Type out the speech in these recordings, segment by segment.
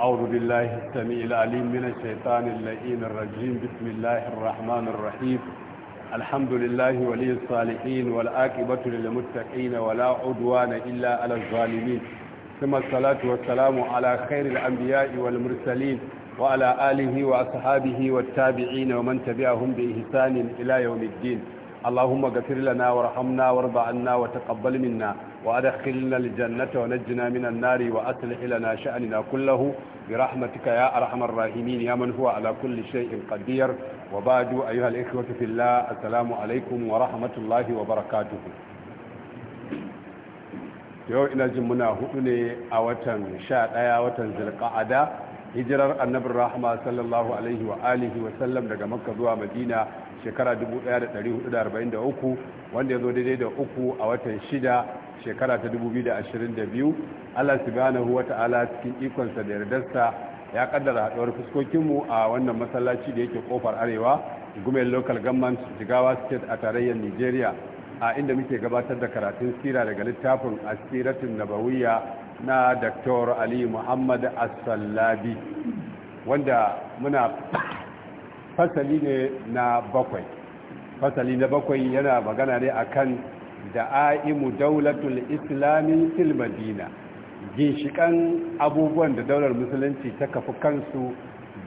أعوذ بالله السميع العليم من الشيطان اللئيم الرجيم بسم الله الرحمن الرحيم الحمد لله ولي الصالحين والآكبة للمتقين ولا عدوان إلا على الظالمين ثم الصلاة والسلام على خير الأنبياء والمرسلين وعلى آله وأصحابه والتابعين ومن تبعهم بإحسان إلى يوم الدين اللهم اغفر لنا وارحمنا وارض عنا وتقبل منا وادخلنا الجنة ونجنا من النار وأصلح لنا شأننا كله برحمتك يا أرحم الراحمين يا من هو على كل شيء قدير وبعد أيها الإخوة في الله السلام عليكم ورحمة الله وبركاته yau ina jin muna hudu ne a watan sha ɗaya watan zilƙa'ada hijirar annabin rahama sallallahu alaihi wa alihi wa sallam daga makka zuwa madina shekara 1443 wanda ya zo daidai da uku a watan shida shekara ta 2022 allah subhanahu wa ta'ala cikin ikonsa da yardarsa ya kaddara haɗuwar fuskokinmu a wannan masallaci da yake kofar arewa gumel local government jigawa state a tarayyar nigeria a inda muke gabatar da karatun sira daga littafin asiratun nabawiyya na dr ali muhammad asallabi wanda muna fasali ne na bakwai fasali na bakwai yana magana ne akan da'aimu daulatul islami fil madina ginshikan abubuwan da daular musulunci ta kafi kansu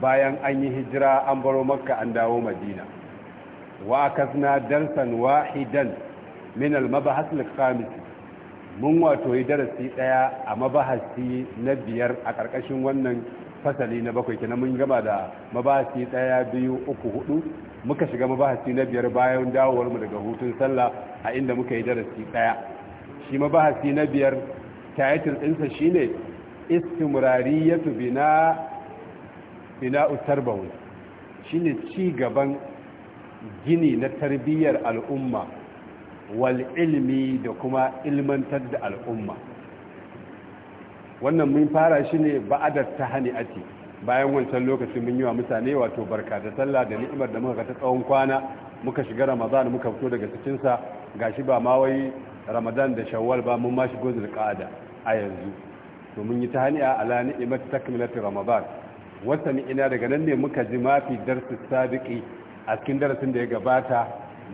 bayan an yi hijira an baro makka an dawo madina wa kasna darsan wahidan min al mabahas al khamis mun wato yi darasi daya a mabahasi na biyar a karkashin wannan fasali na bakwai kenan mun gama da mabahasi ɗaya biyu uku hudu muka shiga mabahasi na biyar bayan dawowar mu daga hutun sallah a inda muka yi darasi ɗaya shi mabahasi na biyar tayatul ɗinsa shine istimrariyatu bina bina utarbawi shine ci gaban gini na tarbiyyar al'umma wal ilmi da kuma ilmantar da al'umma wannan mun fara shi ne ba'adar ta hani'ati bayan wancan lokacin mun yi wa mutane wato barka da sallah da ni'imar da muka ga ta tsawon kwana muka shiga ramadan muka fito daga cikinsa gashi ba ma wai ramadan da shawwal ba mun ma shigo zulqa'ada a yanzu to mun yi ta hani'a ala ni'imat takmilati ramadan wata ni'ina daga nan ne muka ji mafi darsi sabiqi a cikin darasin da ya gabata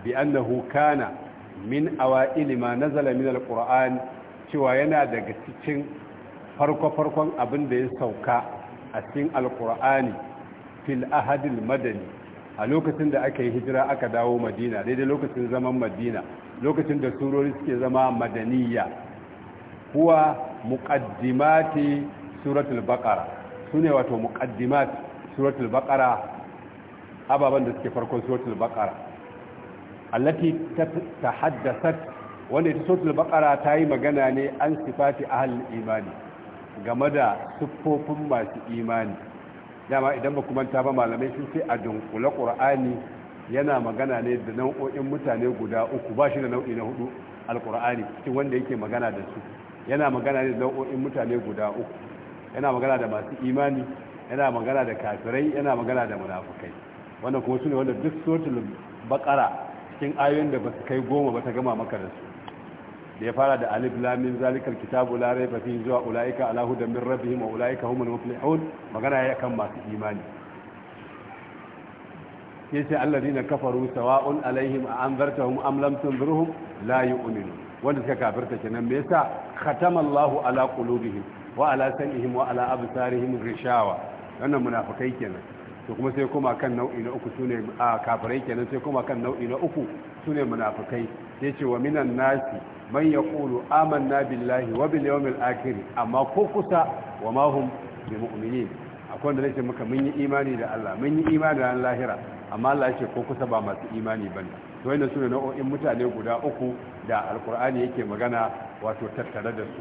bi annahu kana min awa ilima nazala min alquran cewa yana daga cikin farko-farkon abin da ya sauka a cikin alkur'ani fil ahadil madani a lokacin da aka yi hijira aka dawo madina daidai lokacin zaman madina lokacin da surori suke zama madaniya kuwa muqaddimati suratul baqara sune wato muqaddimat suratul baqara ababan da suke farkon suratul baqara allati tahaddasat wanda suratul baqara ta yi magana ne an sifati ahlul imani game da siffofin masu imani dama idan ba ta ba malamai sun ce a dunkula qur'ani yana magana ne da nau'o'in mutane guda uku ba shi da nau'i na hudu alqur'ani cikin wanda yake magana da su yana magana ne da nau'o'in mutane guda uku yana magana da masu imani yana magana da kafirai yana magana da munafukai wannan kuma su ne wanda duk sotul bakara cikin ayoyin da ba su kai goma ba ta gama maka da su da ya fara da alif lamin zalikar kitabu la raiba fihi zuwa ulaika ala hudan min rabbihim wa ulaika humul muflihun magana ya kan masu imani yace alladina kafaru sawa'un alaihim a anzartahum am lam tunzirhum la yu'minu wanda suka kafirta kenan me yasa khatama Allahu ala qulubihim wa ala sam'ihim wa ala absarihim ghishawa wannan munafikai kenan to kuma sai kuma kan nau'i na uku sune a kafirai kenan sai kuma kan nau'i na uku sune munafikai sai ce wa minan nasi man yaqulu amanna billahi wa bil yawmil akhir amma ko kusa wa ma hum bi mu'minin akwai wanda zai maka mun yi imani da Allah mun yi imani da lahira amma Allah yake ko kusa ba masu imani bane to wannan sune nau'o'in mutane guda uku da alqur'ani yake magana wato tattare da su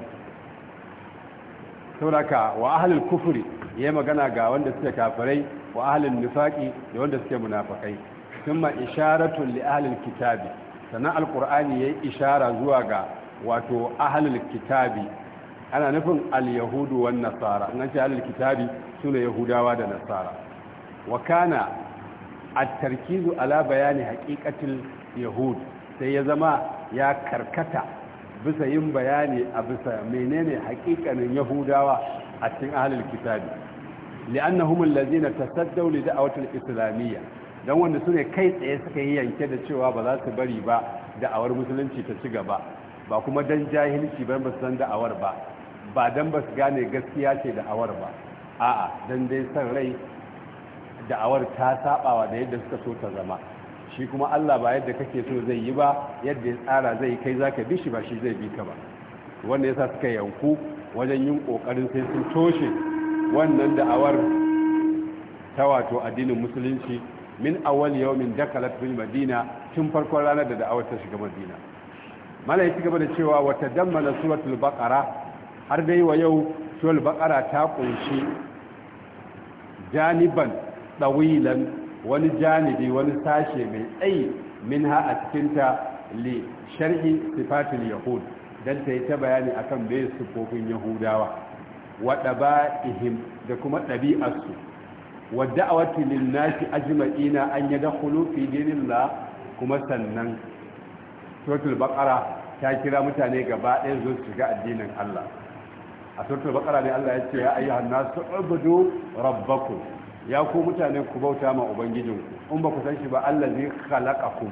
sauraka wa ahalin kufuri ya magana ga wanda suke kafirai wa ahalin nufaƙi da wanda suke munafakai sun ma isharatun li ahalin kitabi sannan ƙurani ya yi ishara zuwa ga wato ahalin kitabi ana nufin al-yahudu nasara an ce ahalin kitabi su ne yahudawa da nasara wa kana a tarkizu ala bayani haƙiƙatin yahud sai ya zama ya karkata bisa yin bayani a bisa menene hakikanin yahudawa a cikin ahlul kitabi li'annahum allazina tasaddaw li da'awatil islamiyya dan wanda sune kai tsaye suka yi yanke da cewa ba za su bari ba da'awar musulunci ta ci gaba ba kuma dan jahilci ba ba su san da'awar ba ba dan ba su gane gaskiya ce da'awar ba a'a dan dai san rai da'awar ta sabawa da yadda suka so ta zama shi kuma Allah ba yadda kake so zai yi ba yadda ya tsara zai kai zaka bi shi ba shi zai bi ka ba wanda yasa suka yanku wajen yin kokarin sai sun toshe wannan da'awar ta wato addinin musulunci min awwal yawmin dakalat bil madina tun farkon ranar da da'awar ta shiga madina malai ci gaba da cewa wa tadammala suratul baqara har dai wa yau suratul baqara ta kunshi janiban dawilan wani janibi wani sashe mai tsayi ha a cikinta li sharhi sifatul yahud dan ta yi ta bayani akan su sifofin yahudawa wa daba'ihim da kuma ɗabi'arsu wa da'awati lin nasi ajma'ina an yadkhulu fi dinillah kuma sannan suratul baqara ta kira mutane gaba ɗaya zuwa shiga addinin Allah a sautar bakara ne Allah ya ce ya ayi hannu su ubudu rabbaku ya ku mutane ku bauta ma ubangijinku in ba ku san shi ba Allah zai ku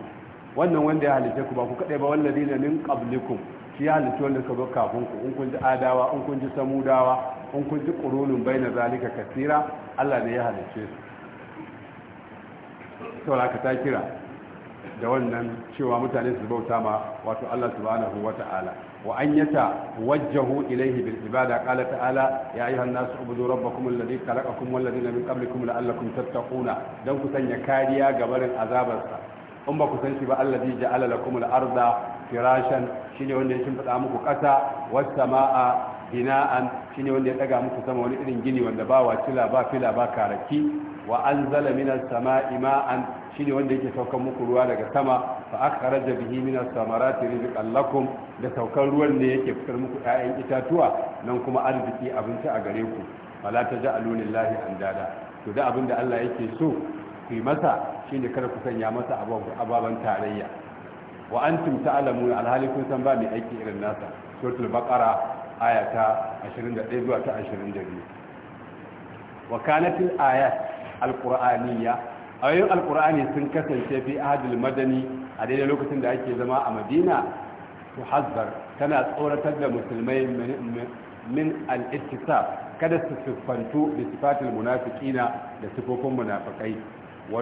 wannan wanda ya halice ku ba ku kaɗai ba wallazi na min qablikum shi ya halice wanda suka zo kafin ku in kun ji adawa in kun ji samudawa in kun ji qurunun na zalika kasira Allah ne ya halice su saboda ka ta kira da wannan cewa mutane su bauta ma wato Allah subhanahu wata'ala وأن يتوجهوا إليه بالعبادة قال تعالى يا أيها الناس اعبدوا ربكم الذي خلقكم والذين من قبلكم لعلكم تتقون دون كسن كاريا قبل العذاب in ba ku san ba allazi ja'ala lakum al-arda firashan shine wanda ya shimfida muku kasa was samaa bina'an shine wanda ya daga muku sama wani irin gini wanda ba wacila ba fila ba karaki wa anzala minas sama'i shi shine wanda yake saukan muku ruwa daga sama fa akhraja bihi minas samarati rizqan lakum da saukan ruwan ne yake fitar muku ƴaƴan itatuwa nan kuma arziki abinci a gare ku fala taj'alu lillahi andada to da abin da Allah yake so ku yi masa shine kada ku sanya masa ababan tarayya wa antum alamu alhali kun san ba mai aiki irin nasa suratul baqara aya ta 21 zuwa ta 22 wa kanatil ayat alqur'aniyya ayoyin alkur'ani sun kasance fi ahadul madani a daidai lokacin da ake zama a madina tuhazzar tana tsoratar da musulmai min al ittisa kada su siffantu da sifatul munafiqina da sifofin munafikai wa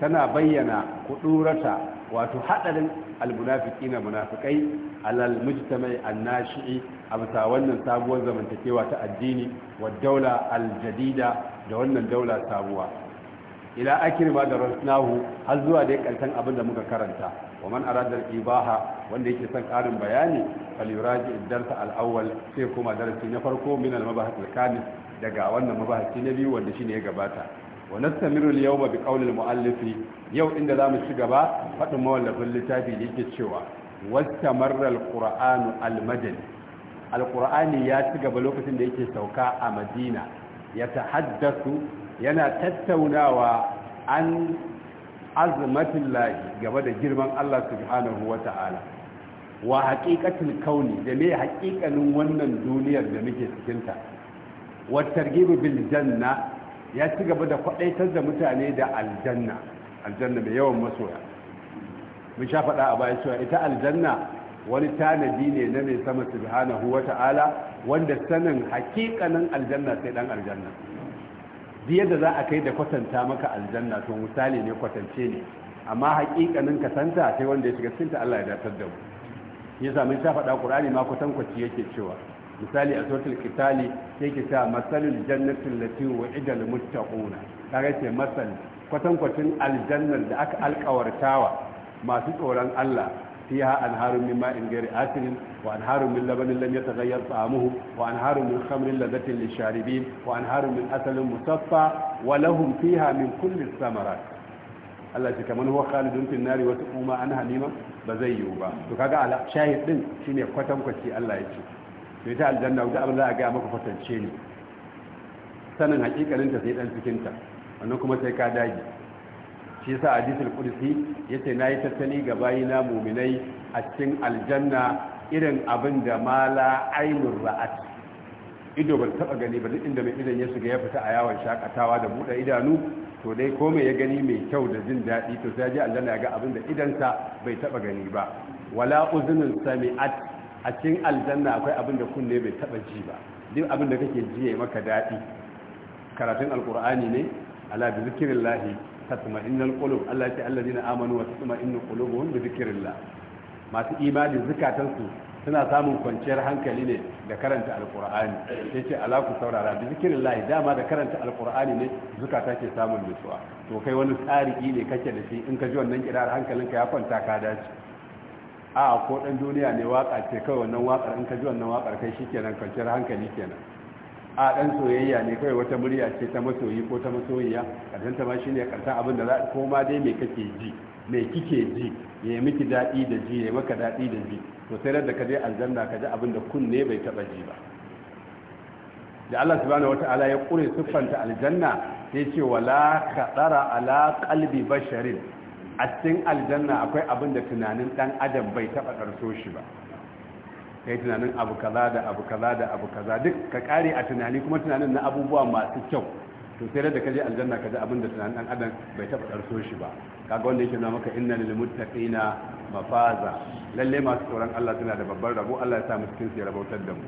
tana bayyana kudurata wato hadarin al-munafiqina munafikai alal mujtama'i an-nashi'i a wannan sabuwar zamantakewa ta addini wa daula al-jadida da wannan daula sabuwa ila akir ba da rasnahu har zuwa dai karshen abin da muka karanta wa man arada ibaha wanda yake son karin bayani falyuraji darsa al-awwal sai kuma darasi na farko min al-mabahith al daga wannan mabahisi na biyu wanda shine ya gabata wa nastamiru al-yawma bi qawli al yau inda zamu ci gaba fadin mawallafin littafi da yake cewa wastamarra al-qur'anu al-madani al-qur'ani ya ci gaba lokacin da yake sauka a madina Ya tahaddasu yana tattaunawa an azmatin lahi gaba da girman Allah subhanahu wa ta'ala wa haƙiƙatin kauni da me haƙiƙanin wannan duniyar da muke cikinta wattar gibi bil janna ya ci gaba da kwaɗaitar da mutane da aljanna aljanna mai yawan masoya mun sha faɗa a baya cewa ita aljanna wani tanadi ne na mai sama subhanahu wa ta'ala wanda sanin hakikanin aljanna sai dan aljanna diya da za a kai da kwatanta maka aljanna to misali ne kwatance ne amma hakikanin ka santa sai wanda ya shiga cikin ta Allah ya datar da mu yasa mun ta faɗa Qur'ani ma kwatankwaci yake cewa misali a suratul kitali yake cewa masalul jannati allati wa'ida lil muttaquna kaga ce masal kwatankwacin aljannar da aka wa masu tsoron Allah فيها أنهار من ماء غير آسن وأنهار من لبن لم يتغير طعمه وأنهار من خمر لذة للشاربين وأنهار من أسل مصفى ولهم فيها من كل الثمرات Allah ce kamar huwa khalidun fil nari wata kuma an halima ba zai yiwu ba to kaga ala shahid din shine kwatan kwaci Allah ya ce to ita aljanna wanda abin za a maka kwatance ne sanin hakikalin sai dan cikin wannan kuma sai ka dage shi yasa hadisul qudsi yace yi tattali ga bayina mu'minai a cikin aljanna irin abin da mala ainur ra'at ido ban taba gani ba duk inda mai idan ya shiga ya fita a yawon shakatawa da buɗe idanu to dai ko mai ya gani mai kyau da jin daɗi to sai ji aljanna ya ga abin da idansa bai taba gani ba wala uzunun sami'at a cikin aljanna akwai abin da kunne bai taba ji ba duk abin da kake ji yayi maka daɗi karatun alqur'ani ne ala bi tatma'innal qulub Allah ya ce allazina amanu wa tatma'innu qulubuhum bi dhikrillah masu imani zukatansu suna samun kwanciyar hankali ne da karanta alqur'ani yace ala ku saurara bi dhikrillah dama da karanta alqur'ani ne zukata ke samun nutsuwa to kai wani tsari ne kake da shi in ka ji wannan kirar ka ya kwanta ka dace a ko dan duniya ne waka ce kai wannan wakar in ka ji wannan wakar kai shikenan kwanciyar hankali kenan a ɗan soyayya ne kawai wata murya ce ta masoyi ko ta masoyiya karshen ta ma ne karshen abin da za ko ma dai mai kake ji mai kike ji ya miki daɗi da ji ya maka daɗi da ji to sai da ka je aljanna ka ji abin da kunne bai taɓa ji ba da Allah subhanahu wata'ala ya kure siffanta aljanna sai ce wala ka tsara ala kalbi basharin a cikin aljanna akwai abin da tunanin ɗan adam bai taɓa ɗarso shi ba Ka yi tunanin abu kaza da abu kaza da abu kaza duk ka kare a tunani kuma tunanin na abubuwa masu kyau to sai da kaje aljanna ji abin da tunanin dan adam bai taba karso shi ba kaga wanda yake na maka inna lil muttaqina mafaza lalle masu tsoron Allah suna da babbar rabo Allah ya sa mu cikin sai rabautar da mu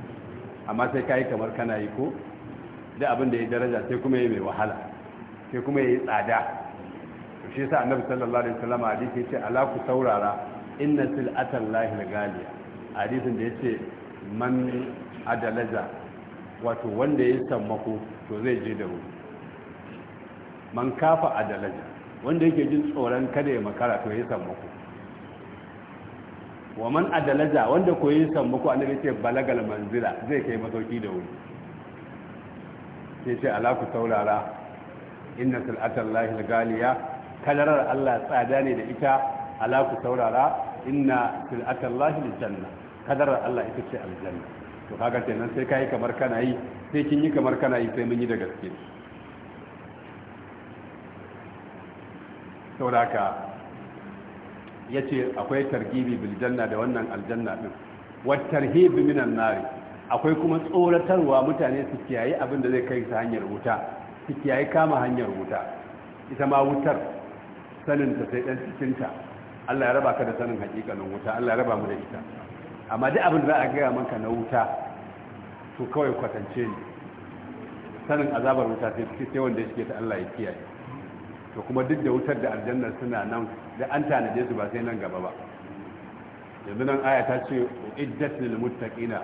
amma sai kai kamar kana yi ko da abin da ya daraja sai kuma yayi mai wahala sai kuma yayi tsada to shi yasa annabi sallallahu alaihi wasallam hadisi yace ala ku saurara inna silatallahi galiya. hadisin da ya ce man adalaza wato wanda ya sammako to zai je da wuri man kafa adalaza wanda yake jin tsoron kada ya makara to ya sammako wa man adalaza wanda ko ya sammako annabi ke balagal manzila zai kai masauki da wuri sai ce ala ku saurara inna sal'atallahi galiya kalarar Allah tsada ne da ita ala ku saurara inna sal'atallahi janna kadarar Allah ita ce aljanna to kaga kenan sai kai kamar kana yi sai kin yi kamar kana yi sai mun yi da gaske saboda yace akwai targibi bil janna da wannan aljanna din wat tarhibi minan nari akwai kuma tsoratarwa mutane su kiyaye abin da zai kai su hanyar wuta su kiyaye kama hanyar wuta ita ma wutar sanin ta sai dan cikin ta Allah ya raba ka da sanin hakikanin wuta Allah ya raba mu da ita amma duk abin da za a gaya maka na wuta to kawai kwatance ne sanin azabar wuta sai suke sai wanda ya ta Allah ya kiyaye to kuma duk da wutar da aljanna suna nan da an tanaje su ba sai nan gaba ba yanzu nan aya ta ce iddat lil muttaqina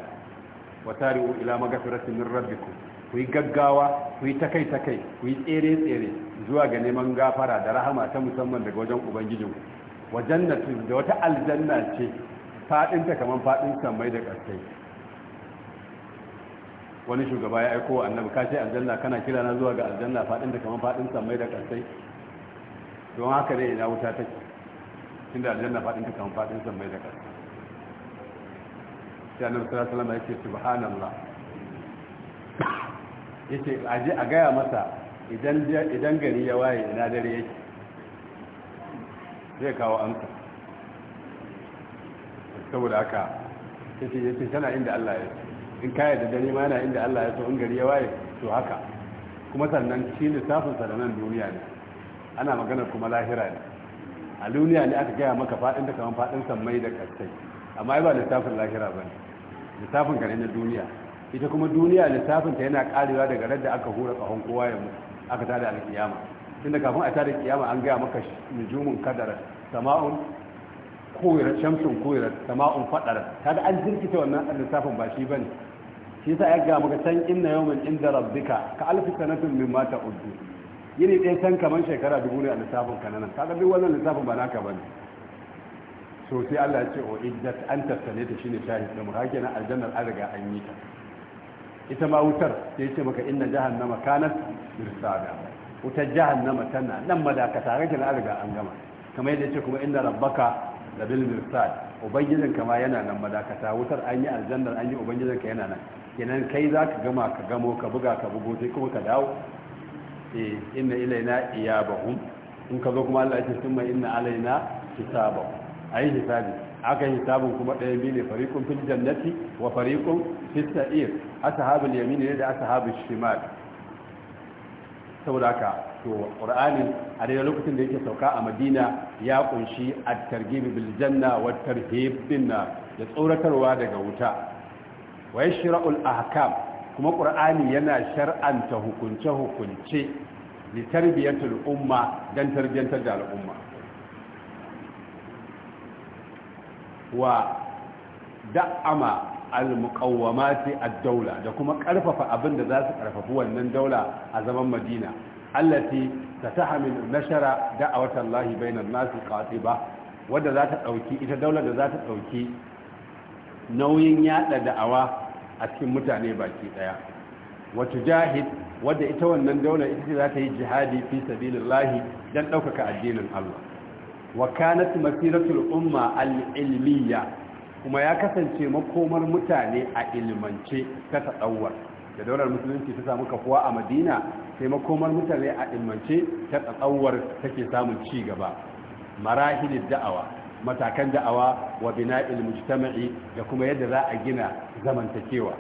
wa tari'u ila maghfiratin min rabbikum ku yi gaggawa ku yi takai takai ku yi tsere tsere zuwa ga neman gafara da rahama ta musamman daga wajen ubangijinku wa jannatu da wata aljanna ce faɗinta kamar faɗin mai da ƙarfai wani shugaba ya aiko wa annabi ka ce aljanna kana kira na zuwa ga aljanna faɗinta kamar faɗin mai da ƙarfai don haka ne ina wuta take inda aljanna faɗinta kamar faɗin mai da ƙarfai sai annabi sallallahu alaihi wasallam ya ce subhanallah yace aje a gaya masa idan idan gari ya waye ina dare yake zai kawo amsa saboda haka yace yace tana inda Allah ya in kaya da dare ma yana inda Allah ya so in gari ya waye to haka kuma sannan shi lissafin sa da nan duniya ne ana magana kuma lahira ne a duniya ne aka gaya maka fadin da kaman fadin sammai da kastai amma ba lissafin lahira ba ne lissafin ka ne na duniya ita kuma duniya lissafin ta yana karewa daga radda aka hura kahon kowa ya mutu aka tada alkiyama tunda kafin a tada kiyama an gaya maka nujumun kadara sama'un kowirar shamsun kowirar sama'un faɗar da an jirkita wannan lissafin ba shi bane shi yasa ya ga maka can inna yawman inda rabbika ka alfi sanatin min mata uddu yini ɗaya san kaman shekara dubu ne a lissafin kananan ta kaga duk wannan lissafin ba naka bane so sai Allah ya ce o iddat an tattale ta shine shahid da muhakina aljannar an riga an yi ta ita ma wutar sai ya ce maka inna jahannama kanat mirsada wutar jahannama tana nan madakata kake na an riga an gama kamar yadda ya ce kuma inda rabbaka da bil mirsad ubangijin kama yana nan madakata wutar an yi aljannar an yi ubangijin ka yana nan kenan kai za ka gama ka gamo ka buga ka bugo sai kuma ka dawo eh inna ilaina iyabahum in ka zo kuma Allah ya ce summa inna alaina hisabahum ayi hisabi aka yi hisabun kuma ɗaya biyu ne fariqun fil jannati wa fariqun fis sa'ir ashabul yamin ne da ashabul shimal saboda haka to qur'anin a daidai lokacin da yake sauka a madina ya kunshi at-targhib bil janna wa tarhib bin da tsoratarwa daga wuta wa yashra'ul ahkam kuma qur'ani yana shar'anta hukunce hukunce li tarbiyatul umma dan tarbiyantar da al'umma wa da'ama al-muqawwamati ad-dawla da kuma karfafa abin da za su karfafi wannan daula a zaman madina allati tatahamilu nashara da'awatallahi bainan nasi ba wadda za ta ɗauki ita daular da za ta ɗauki nauyin yada da'awa a cikin mutane baki daya wa jahid wadda ita wannan daular ita ce za ta yi jihadi fi sabilillahi don ɗaukaka addinin Allah wakanat kanat masiratul umma al kuma ya kasance makomar mutane a ilmance ta tsadawar da daular musulunci ta samu kafuwa a madina sai makomar mutane a ilmance ta tsatsawar take samun ci gaba marahilin da'awa matakan da'awa wa bina'il mujtama'i da kuma yadda za a gina zamantakewa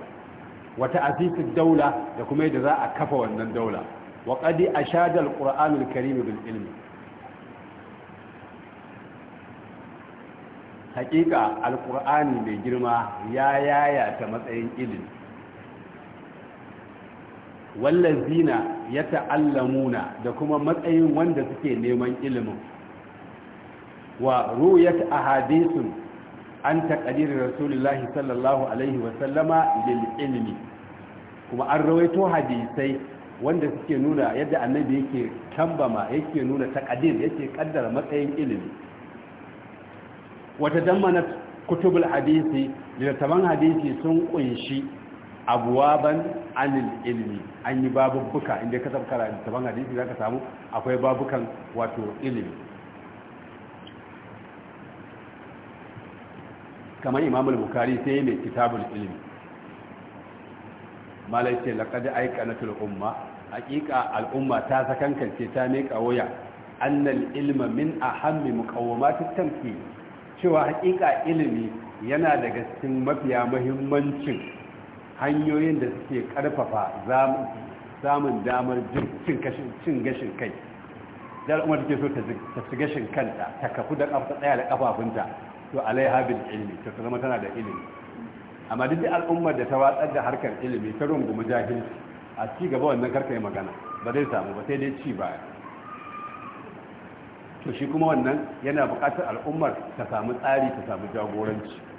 Wata ta'asisu daula da kuma yadda za a kafa wannan daula wa qadi ashada al-qur'an karim bil ilmi hakika alƙur'ani mai girma ya yayata matsayin ilimi wallazina ya ta'allamuna da kuma matsayin wanda suke neman ilimin wa ru'yat ahadithun an taƙadirin rasulullahi sallallahu alaihi wa sallama kuma an rawaito hadisai wanda suke nuna yadda annabi yake tambama yake nuna taqdir yake ƙaddara matsayin ilimi wata na kutubul hadisi littattafan hadisi sun ƙunshi. abuwaban anil ilmi an yi babubuka inda ka sabkara littafin hadisi za ka samu akwai babukan wato ilimi kamar imamul bukari sai mai kitabul ilimi malai ce laƙadi na umma hakika al'umma ta sakankance ta miƙa waya annal ilma min hannun muqawwamatit tamkin cewa hakika ilimi yana daga cikin mafiya mahimmancin hanyoyin da suke karfafa samun damar cin gashin kai jar umar take so ta ci gashin kanta ta kafu da kafa tsaya da kafafunta to alaiha bil ilmi to zama tana da ilimi amma duk al'ummar da ta watsar da harkar ilimi ta rungumi jahilci a ci gaba wannan karka yi magana ba zai samu ba sai dai ci baya to shi kuma wannan yana buƙatar al'ummar ta samu tsari ta samu jagoranci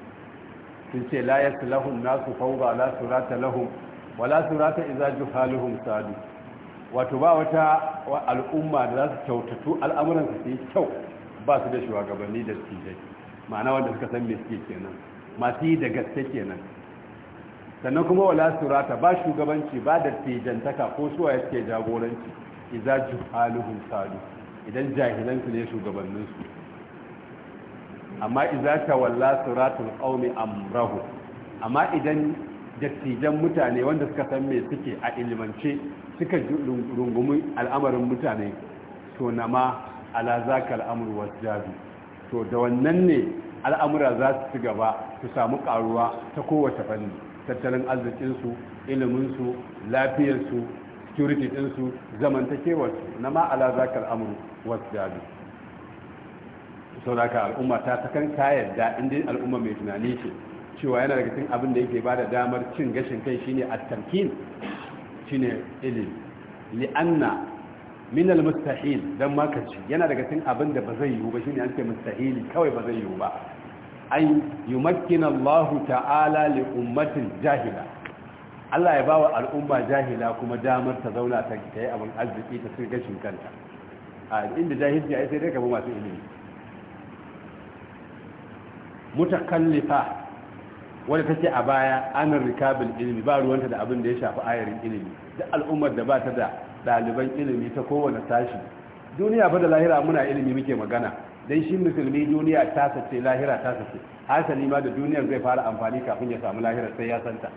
sun ce la lahun nasu fawda la surata lahun. wala surata ju halihun sadu wato ba wata al'umma da za su kyautatu al'amuran su yi kyau ba su da shugabanni da tijai ma'ana wanda suka san me suke kenan masu yi da gaske kenan sannan kuma wala surata ba shugabanci ba da tijantaka ko suwa yake jagoranci ju halihun sadu idan jahilansu ne shugabanninsu amma idza tawalla suratul qaumi amrahu amma idan dattijan mutane wanda suka san me suke a ilmance suka rungumi al'amarin mutane to nama ala zakal amru wasjabi to da wannan ne al'amura za su ci gaba su samu karuwa ta kowace fanni tattalin arzikinsu iliminsu su security ɗinsu su, na ma'ala ala zakal wasu wasjabi sauraka al'umma ta ta kan kayar da inda al'umma mai tunani ce cewa yana daga cikin abin da yake ba da damar cin gashin kai shine at-tamkin shine ilimi li'anna min al-mustahil dan makanci yana daga cikin abin da ba zai yiwu ba shine an ce mustahili kawai ba zai yiwu ba an yumakkina Allah ta'ala li ummatin jahila Allah ya bawa al'umma jahila kuma damar ta zauna ta yi abin arziki ta cin gashin kanta a inda jahilci ai sai dai ka bi masu ilimi mutakallifa wadda take a baya anan rikabin ilimi ba ruwanta da abin da ya shafi ayarin ilimi da al'ummar da ba ta da ɗaliban ilimi ta kowane sashi duniya fa da lahira muna ilimi muke magana dan shi musulmi duniya ta sace lahira ta sace hasali ma da duniyar zai fara amfani kafin ya samu lahira sai ya santa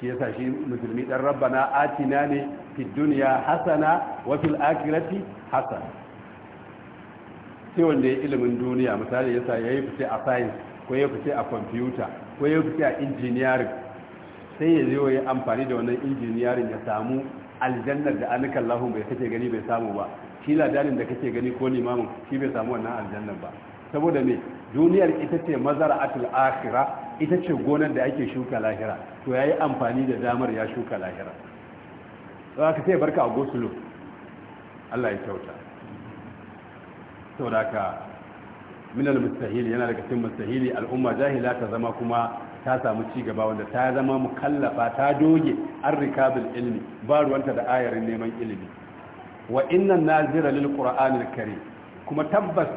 shi yasa shi musulmi dan rabbana atina ne fid dunya hasana wa fil akhirati hasana sai wanda ya ilimin duniya misali ya sa ya yi fice a science ko ya fice a computer ko ya fice a engineering sai ya zo ya amfani da wannan engineering ya samu aljannar da anika lahun bai kake gani bai samu ba shi ladanin da kake gani ko limamin shi bai samu wannan aljannar ba saboda me duniyar ita ce mazara a akhira ita ce gonar da ake shuka lahira to ya yi amfani da damar ya shuka lahira za ka sai barka a gosulo Allah ya kyauta saboda ka minal mustahili yana daga cikin mustahili al'umma jahila ta zama kuma ta samu ci gaba wanda ta zama mukallafa ta doge an rikabil ilmi ba ruwanta da ayarin neman ilimi wa innan nazira lil qur'anil karim kuma tabbas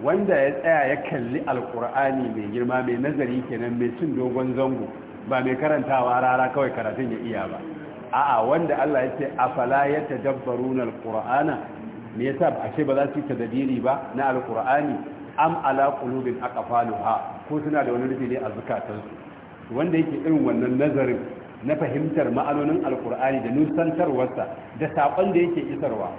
wanda ya tsaya ya kalli alqur'ani mai girma mai nazari kenan mai cin dogon zango ba mai karantawa rara kawai karatun ya iya ba a'a wanda Allah ya ce afala yatadabbaruna alqur'ana me yasa ba ashe ba za su yi tadabiri ba na alqur'ani am ala qulubin aqfaluha ko suna da wani rufi ne a zukatansu wanda yake irin wannan nazarin na fahimtar ma'anonin alqur'ani da nusantarwarsa da sakon da yake isarwa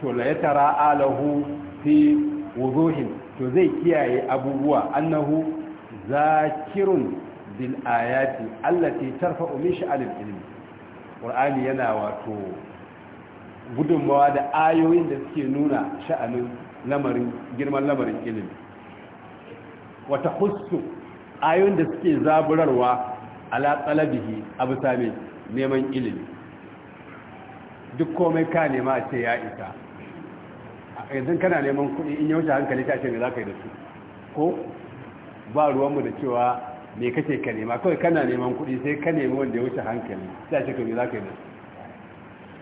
to la yatara alahu fi wuduhin to zai kiyaye abubuwa annahu zakirun bil ayati allati tarfa'u min sha'anil ilmi qur'ani yana wato gudunmawa da ayoyin da suke nuna sha'anin lamarin girman lamarin ilimi wata hussu ayoyin da suke zaburarwa ala talabihi abu sami neman ilimi duk komai ka nema a ce ya isa yanzu kana neman kuɗi in wuce hankali ta ce me za ka yi da su ko ba ruwanmu da cewa me kake ka nema kawai kana neman kuɗi sai ka nemi wanda ya wuce hankali ta ce za ka yi da su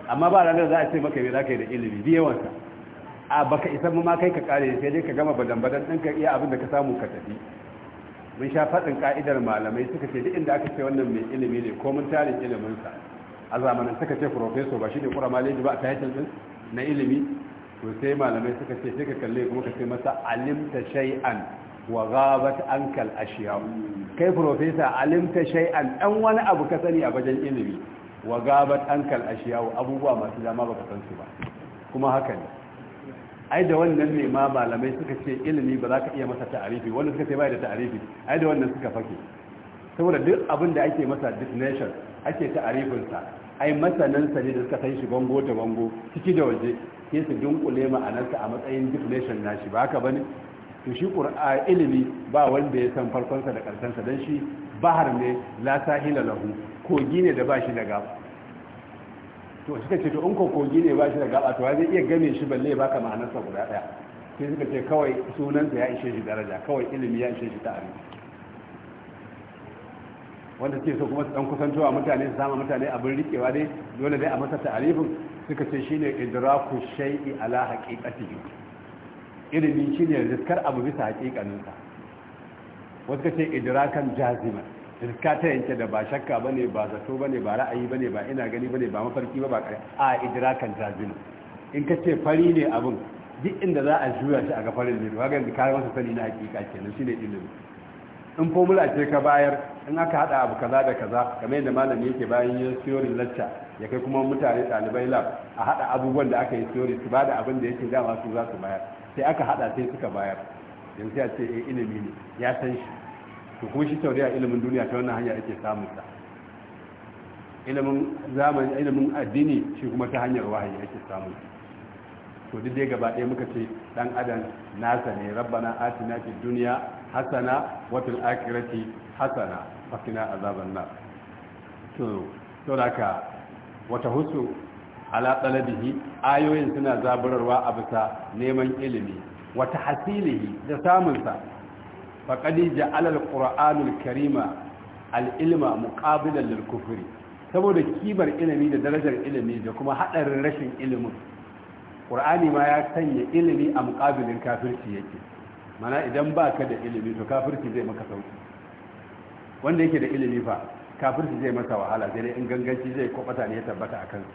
amma ba ranar za a ce maka me za ka yi da ilimi biya yawansa a baka isa ma kai ka kare sai dai ka gama badan badan ka iya abin da ka samu ka tafi mun sha faɗin ka'idar malamai suka ce duk inda aka ce wannan mai ilimi ne ko mun tarin iliminsa a zamanin suka ce professor ba shi ne kura ba a title din na ilimi to sai malamai suka ce sai ka kalle kuma ka ce masa alimta shay'an wa ghabat ankal ashiya kai professor alimta shay'an dan wani abu ka sani a wajen ilimi wa gabat a ashiyawo abubuwa masu dama ba san su ba kuma haka ne ai da wannan ne ma malamai suka ce ilimi ba za ka iya masa ta'arifi wanda suka ce bai da ta'arifi ai da wannan suka fake saboda duk abin da ake masa definition ake ta'arifinsa ai masanansa ne da suka san shi bango da bango ciki da waje ke su dunkule ma'anarsa a matsayin definition nashi ba haka bane to shi ilimi ba wanda ya san farkonsa da sa dan shi bahar ne la sahila lahu kogi ne da ba shi da gaba to suka ce to in ko kogi ne ba shi da gaba to zai iya gane shi balle baka ma'anarsa guda daya sai suka ce kawai sunansa ya ishe shi daraja kawai ilimi ya ishe shi ta'arifi wanda ke so kuma su dan kusantowa mutane su sama mutane abin rikewa dai dole dai a masa ta'arifin suka ce shine idraku shay'i ala haqiqatihi ilimi shine rizkar abu bisa haqiqaninsa wasu ka ce idrakan jaziman ka ta yanke da ba shakka ba ne ba zato ba ne ba ra'ayi ba ne ba ina gani ba ne ba mafarki ba ba a idrakan jazinu in ka ce fari ne abin duk inda za a juya shi a ga farin ne ba ga kare masa sani na hakika kenan ne ilimi in formula ce ka bayar in aka hada abu kaza da kaza kamar yadda malami yake bayan yin theory lacca ya kai kuma mutane ɗalibai lab a hada abubuwan da aka yi theory su bada abin da yake dama su za su bayar sai aka hada sai suka bayar yanzu ya ce eh, ilimi ne ya san shi to kuma shi tauriya ilimin duniya ta wannan hanya ake samun sa ilimin zamani ilimin addini shi kuma ta hanyar wahayi ake samun to duk dai gaba ɗaya muka ce dan adam nasa ne rabbana atina fid dunya hasana wa fil akhirati hasana fa qina azaban nar to to haka wata husu ala talabihi ayoyin suna zaburarwa a bisa neman ilimi wata hasilihi da samun sa faƙadi alal ƙura'anul karima al'ilma muƙabilan lalkufuri saboda kimar ilimi da darajar ilimi da kuma haɗarin rashin ilimin ƙur'ani ma ya sanya ilimi a muƙabilin kafirci yake mana idan ba ka da ilimi to kafirci zai maka sauki wanda yake da ilimi fa kafirci zai masa wahala sai dai in ganganci zai kwabata ne ya tabbata a kansu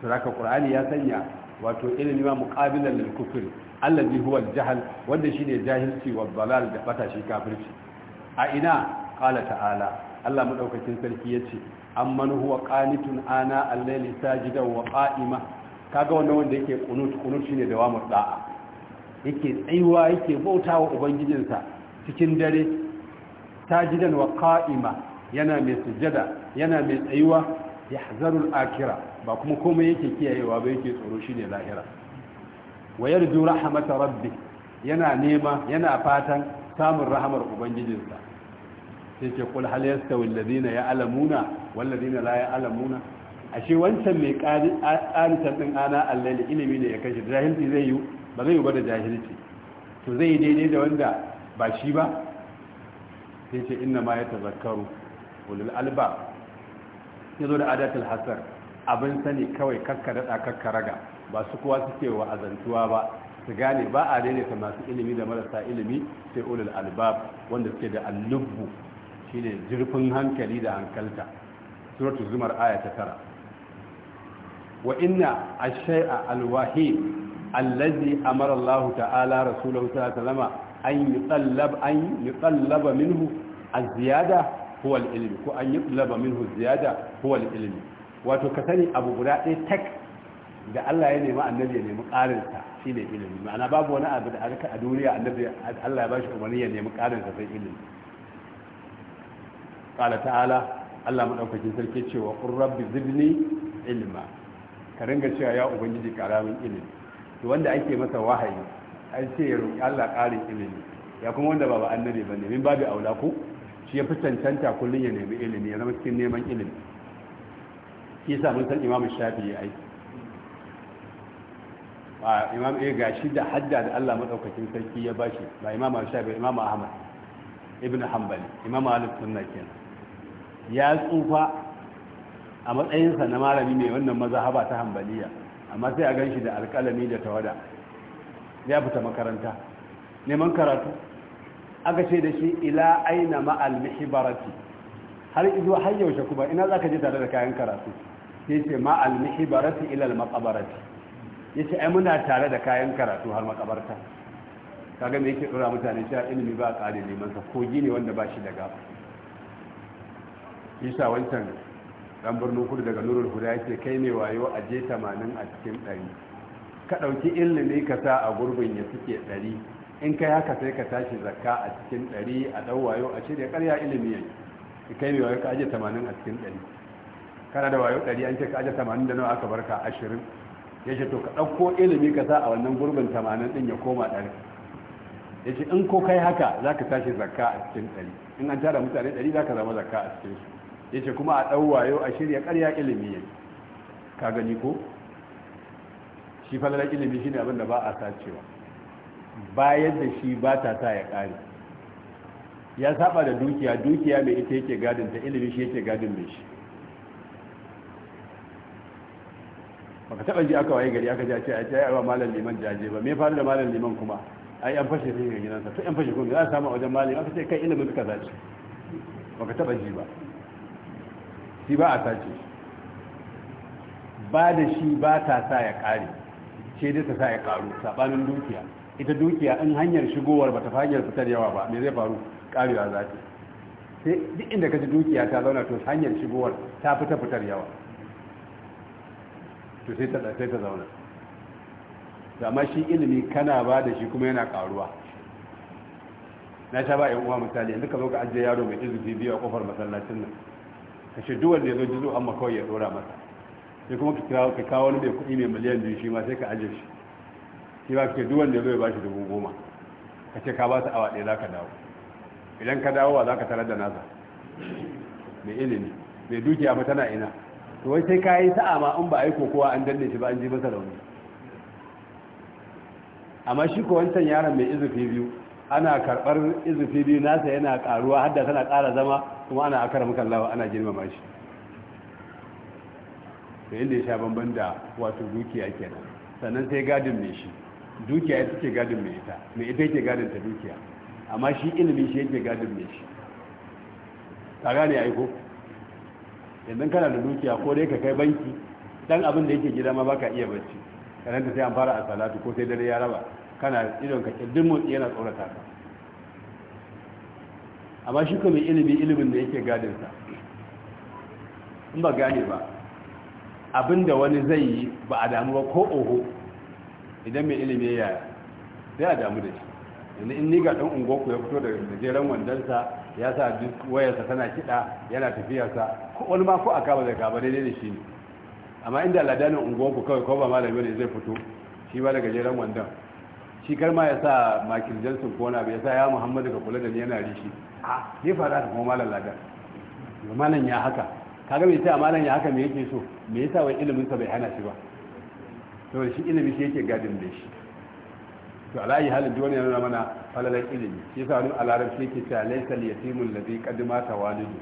su raka ƙur'ani ya sanya wato ilimi ma muƙabilan lalkufuri allazi huwa al-jahl wanda shine jahilci wa dalal da fata shi kafirci a ina qala ta'ala Allah madaukakin sarki yace amman huwa qanitun ana al-layli sajida wa qa'ima kaga wannan wanda yake qunut qunut shine dawamar da'a yake tsayuwa yake bautawa ubangijinsa cikin dare sajidan wa qa'ima yana mai sujjada yana mai tsayuwa yahzarul akira ba kuma komai yake kiyayewa ba yake tsoro shine lahira wa yarju rahmata rabbi yana nema yana fatan samun rahamar ubangijinsa sai ce kul hal yastawi alladhina ya'lamuna wal ladina la ya'lamuna ashe wancan mai ƙaritar ɗin ana allali ilimi ne ya kashe jahilci zai yi ba zai yi ba da jahilci to zai daidai da wanda ba shi ba sai ce inna ma ya tazakaru ulul alba ya zo da adatul hasar abin sani kawai kakkaraɗa kakkaraga ba su kowa suke wa azantuwa ba su gane ba a daidaita masu ilimi da marasa ilimi sai ulul albab wanda suke da allubu shine jirfin hankali da hankalta suratul zumar aya ta tara wa inna ash-shay'a al wahi allazi amara Allah ta'ala rasulahu sallallahu an yuqallab an yuqallaba minhu az-ziyada huwa al-ilm ko an yuqallaba minhu az-ziyada huwa al-ilm wato ka sani abu guda ɗaya tak da Allah ya nemi annabi ya nemi ƙarinsa shi ne ilimi ma'ana babu wani abu da aka a duniya annabi Allah ya bashi umarni ya nemi ƙarinsa sai ilimi qala ta'ala Allah madaukakin sarki cewa qur rabbi zidni ilma ka ringa cewa ya ubangiji ƙara min ilimi to wanda ake masa wahayi an ce ya roki Allah ƙarin ilimi ya kuma wanda ba annabi bane min babu aula ko shi ya fi cancanta kullun ya nemi ilimi ya zama cikin neman ilimi shi yasa mun san imamu shafi'i aiki ba imam eh, a shi da hadda da Allah madaukakin sarki ya bashi ba imam shafi imam ahmad ibn hanbali imam Alif sunna kenan ya tsufa a matsayinsa na malami mai wannan mazhaba ta hanbaliya amma sai a ganshi da alƙalami da tawada ya fita makaranta neman karatu aka ce da shi ila aina ma'al mihbarati har izo har yaushe kuma ina zaka je tare da kayan karatu sai ce ma'al mihbarati ila al maqbarati yace ai muna tare da kayan karatu har makabarta kaga me yake dora mutane cewa ilimi ba kare neman sa kogi ne wanda ba shi da isa wancan dan birnin kudu daga nurul huda yake kai ne wayo a je 80 a cikin ɗari ka dauki ilimi ka sa a gurbin ya suke ɗari in kai haka sai ka tashi zakka a cikin ɗari a dau wayo a shirya karya ilimi yake kai ne wayo ka aje 80 a cikin 100 kana da wayo ɗari an ce ka aje 80 da nawa aka barka 20 ya ce to ka ɗauko ilimi ka sa a wannan gurbin tamanin ɗin ya koma ɗari ya ce in ko kai haka za ka tashi zakka a cikin ɗari in an tara mutane ɗari za ka zama zakka a cikin su ya ce kuma a ɗau wayo a shirya ƙarya ilimi ya ka gani ko shi falalar ilimi shi ne abinda ba a sacewa bayan da shi ba ta sa ya ƙare ya saba da dukiya dukiya mai ita yake gadinta ilimi shi yake gadin mai shi baka taba ji aka waye gari aka ji a ce a ce ai malam liman jaje ba me faru da malam liman kuma ai an fashe sai ga gidansa to an fashe kuma za a samu a wajen malam aka ce kai ilimin suka zaci baka taba ji ba shi ba a sace ba da shi ba ta sa ya kare ce dai ta sa ya karu sabanin dukiya ita dukiya in hanyar shigowar ba ta hanyar fitar yawa ba me zai faru karewa zaci sai duk inda ka ji dukiya ta zauna to hanyar shigowar ta fita fitar yawa to sai ta sai ta zauna amma shi ilimi kana ba da shi kuma yana karuwa na sha ba yan uwa misali yanzu ka zo ka ajiye yaro mai izufi biyu a kofar masallacin nan ka shi duk da ya zo jizo amma kawai ya dora masa sai kuma ka kira ka kawo wani mai kuɗi mai miliyan biyu shi ma sai ka ajiye shi shi ba ka duk da ya zo ya ba shi dubu goma ka ce ka ba su awa ɗaya za ka dawo idan ka dawo wa za ka tarar da nasa mai ilimi mai dukiya mu tana ina to wai sai kayi sa'a ma in ba a yi kokowa an danne shi ba an ji masa rauni amma shi ko wancan yaron mai izufi biyu ana karɓar izufi biyu nasa yana ƙaruwa hadda tana ƙara zama kuma ana akara muka lawa ana girmama shi da inda ya sha bamban da wato dukiya kenan sannan sai gadin mai shi dukiya ita ce gadin mai ita mai ita yake gadin ta dukiya amma shi ilimi shi yake gadin mai shi ta gane aiko yanzu kana da dukiya ko dai ka kai banki dan abin da yake gida ma baka iya bacci kana da sai an fara asalatu ko sai dare ya raba kana idon ka kirdin motsi yana tsorata ka amma shi kuma ilimi ilimin da yake gadin sa in ba gane ba abinda wani zai yi ba a damu ba ko oho idan mai ilimi ya sai a damu da shi yanzu in ni ga dan ku ya fito da jeran wandansa ya sa duk wayarsa tana kiɗa yana tafiyarsa wani ma ko a kama daga kama daidai da shi ne amma inda ladanin unguwanku kawai ko ba malami ne zai fito shi ba daga jeren wandon shi kar ma ya sa makil jansun ko na ya sa ya muhammadu daga kula da ni yana rishi a ne fara ta kuma malam ladan malam ya haka kaga me yasa malam ya haka me yake so me yasa wai ilimin sa bai hana shi ba to shi ilimi shi yake gadin da shi to alayi halin duk wani yana mana falalan ilimi shi yasa wani alarabci yake cewa laysa al-yatimu alladhi qad tawalidu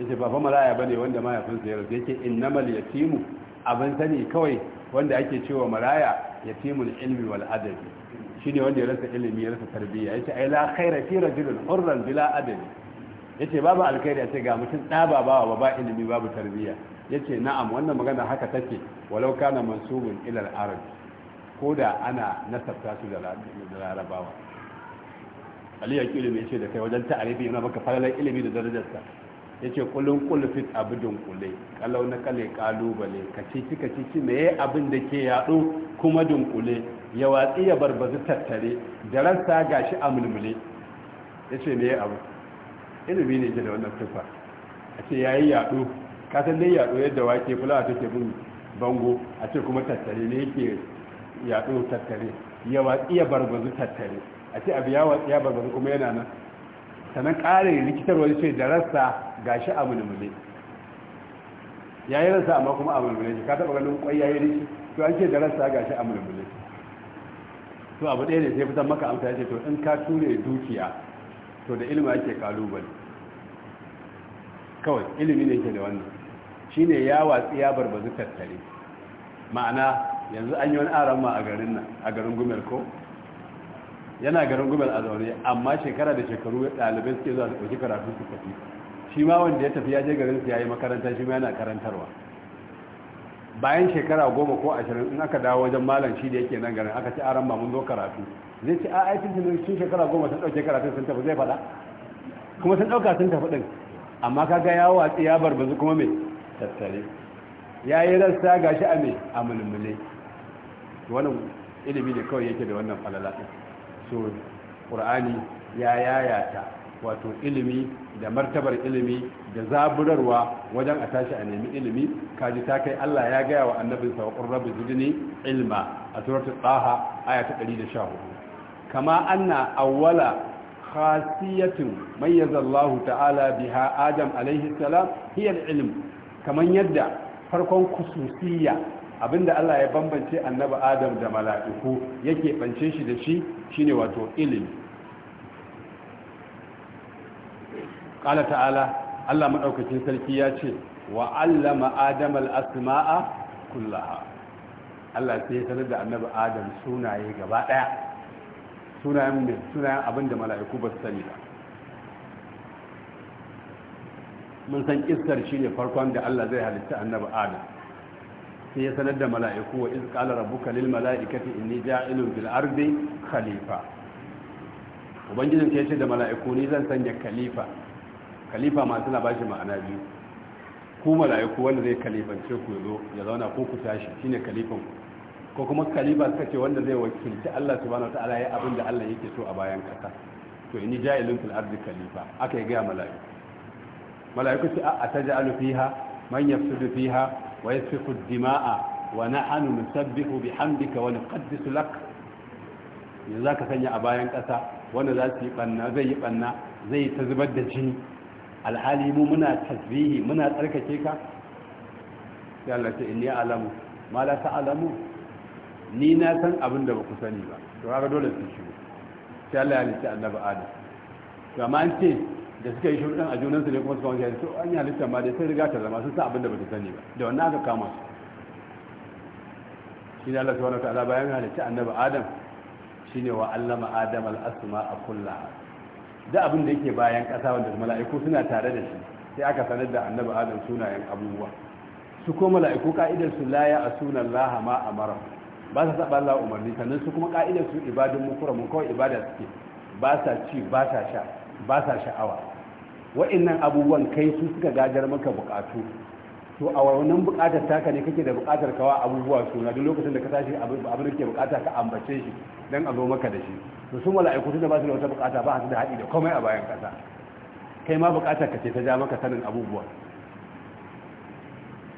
yace ba fa malaya bane wanda ma ya rasu yake innamal yatimu abin sani kawai wanda ake cewa malaya yatimul ilmi wal adabi shine wanda ya rasa ilimi ya rasa tarbiyya yace ai la khaira fi rajulin hurran bila adabi yace babu alkhairi yace ga mutum da ba ba ba ilimi babu tarbiyya yace na'am wannan magana haka take walau kana mansubun ila al-arab koda ana nasabta su da larabawa aliyu ya ilimi yace da kai wajen ta'arifi yana maka falalar ilimi da darajarsa ya ce kulun fit abu dunkule kalau na kale kalubale ka cici ka cici me ya abin da ke yaɗo kuma dunkule ya watsi ya barbazu tattare da ransa gashi a mulmule ya ce me ya abu ilimi ne ke da wannan tufa a ce ya yi yaɗo ka san dai yaɗo yadda wake fulawa take bin bango a ce kuma tattare ne yake yaɗo tattare ya watsi ya barbazu tattare a ce abu ya watsi ya barbazu kuma yana nan sannan ƙarin rikitarwa ce da ga shi a mulmule ya yi rasa amma kuma a mulmule shi ka taɓa ganin ƙwai ya yi rishi to an ce da ga shi a mulmule to abu ɗaya ne sai fitan maka amsa ya ce to in ka ture dukiya to da ilimi ake kalubale kawai ilimi ne ke da wannan shi ne ya watsi ya barbazu tattare ma'ana yanzu an yi wani aran ma a garin nan a garin gumel ko yana garin gumel a zaune amma shekara da shekaru ɗalibai suke zuwa su ɗauki karatu su tafi shi ma wanda ya tafi ya je garin su ya yi makaranta shi ma yana karantarwa bayan shekara goma ko ashirin in aka dawo wajen malam shi da yake nan garin aka ci aran mun zo karatu zai ce a aikin sun sun shekara goma sun ɗauke karatu sun tafi zai faɗa kuma sun ɗauka sun tafi ɗin amma ka ga ya watsi ya barbazu kuma mai tattare ya yi rasta gashi a mai a mulmule wannan ilimi ne kawai yake da wannan falala ɗin to ƙur'ani ya yayata wato ilimi da martabar ilimi da zaburarwa wajen a tashi a nemi ilimi kaji ta kai Allah ya gaya wa annabin sa wa rabbi zidni ilma a suratul taha aya ta 114 kama anna awwala khasiyatin mayyaza Allah ta'ala biha Adam alaihi salam hiya al-ilm kaman yadda farkon kususiyya abinda Allah ya bambance annabi Adam da mala'iku yake bance shi da shi shine wato ilimi qala ta'ala Allah madaukakin sarki ya ce wa 'allama Adam al-asma'a kullaha Allah sai ya sanar da annabi Adam sunaye gaba daya sunayen ne sunayen abinda mala'iku ba su sani ba mun san kissar shine farkon da Allah zai halitta annabi Adam sai ya sanar da mala'iku wa iz qala rabbuka lil mala'ikati inni ja'ilun fil ardi khalifa ubangijin ya ce da mala'iku ni zan sanya khalifa khalifa ma suna bashi ma'ana biyu ku mala'iku wanda zai kalifance ku zo ya zauna ko ku tashi shine kalifan ko kuma khalifa suka ce wanda zai wakilci Allah subhanahu wataala ya abin da Allah yake so a bayan kasa to inni ja'ilun fil arzi khalifa aka yi gaya mala'iku mala'iku ce a tajalu fiha man yafsudu fiha wa yasfiku dima'a wa nahnu nusabbihu bihamdika wa nuqaddisu lak yanzu zaka sanya a bayan kasa wanda za su yi banna zai yi banna zai ta zubar da jini alhali mu muna tasbihi muna tsarkake ka sai Allah ce alamu ni na san abin da ba ku sani ba to kaga dole su shigo sai Allah ya halitta annabi Adam to amma an ce da suka yi shirɗin a junansu ne kuma suka wanke su an yi halitta ma dai sai riga ta zama sun sa abin da ba ta sani ba da wannan aka kama su shi ne Allah subhanahu wataala bayan halitta annaba Adam Shi ne wa allama Adam al'Asuma a kulla. da abin da yake bayan ƙasa wanda mala'iku suna tare da shi sai aka sanar da annaba Adam sunayen abubuwa su ko mala'iku ka'idar su laya a sunan Allah ma mara ba sa saba Allah umarni sannan su kuma ka'idar su ibadun mukura mun kawai ibada suke ba sa ci ba sa sha ba sa sha'awa wa'annan abubuwan kai su suka gajar maka bukatu to a wannan bukatar taka ne kake da bukatar kawa abubuwa suna duk lokacin da ka tashi abin da ke bukata ka ambace shi dan a zo maka da shi to su mala'iku da ba su da wata bukata ba su da haɗi da komai a bayan kasa kai ma bukatar ka ce ta ja maka sanin abubuwa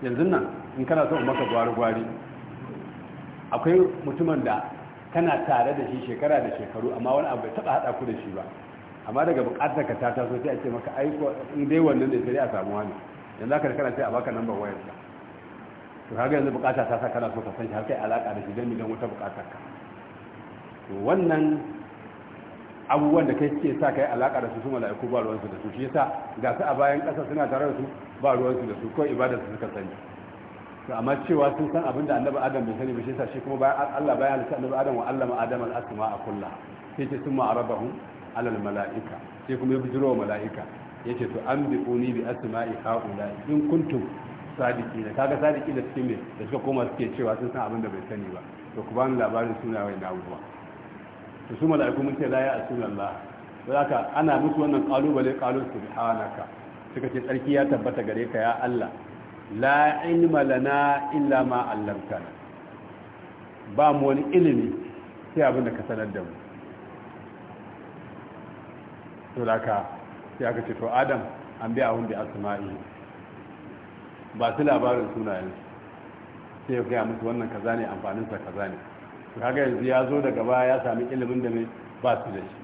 yanzu nan in kana so maka gwari-gwari akwai mutumin da kana tare da shi shekara da shekaru amma wani abu bai taba hada ku da shi ba amma daga bukatar ka ta taso sai a ce maka aiko in dai wannan da sai a samu wani yanzu aka kana sai a baka lambar wayar ka to kaga yanzu bukata ta sa kana so ka san shi har kai alaka da shi don idan wata bukatar ka to wannan abubuwan da kai suke sa kai alaka da su su mala'iku ba ruwansu da su shi yasa ga su a bayan ƙasa suna tare da su ba ruwansu da su ko ibada su suka sani to amma cewa sun san abin da annabi adam bai sani ba shi yasa shi kuma bayan Allah bayan halitta annabi adam wa allama adam al-asma'a kullaha sai ce sun ma'arabahum alal mala'ika sai kuma ya bijiro wa mala'ika ya ce to an bi uni bi asma'i haula in kuntum sadiki da kaga sadiki da cikin me da suka koma suke cewa sun san abin da bai sani ba to ku bani labarin suna wai na abubuwa to su mala'iku mun ce la ya asunallah don haka ana musu wannan kalubale kalu subhanaka suka ce tsarki ya tabbata gare ka ya Allah la ilma lana illa ma allamtana ba mu wani ilimi sai abin da ka sanar da mu to da ka sai aka ce to adam an biya hun da asma'i ba su labarin sunayen sai ya gaya musu wannan kaza ne amfaninsa kaza ne to kaga yanzu ya zo daga baya ya sami ilimin da mai ba su da shi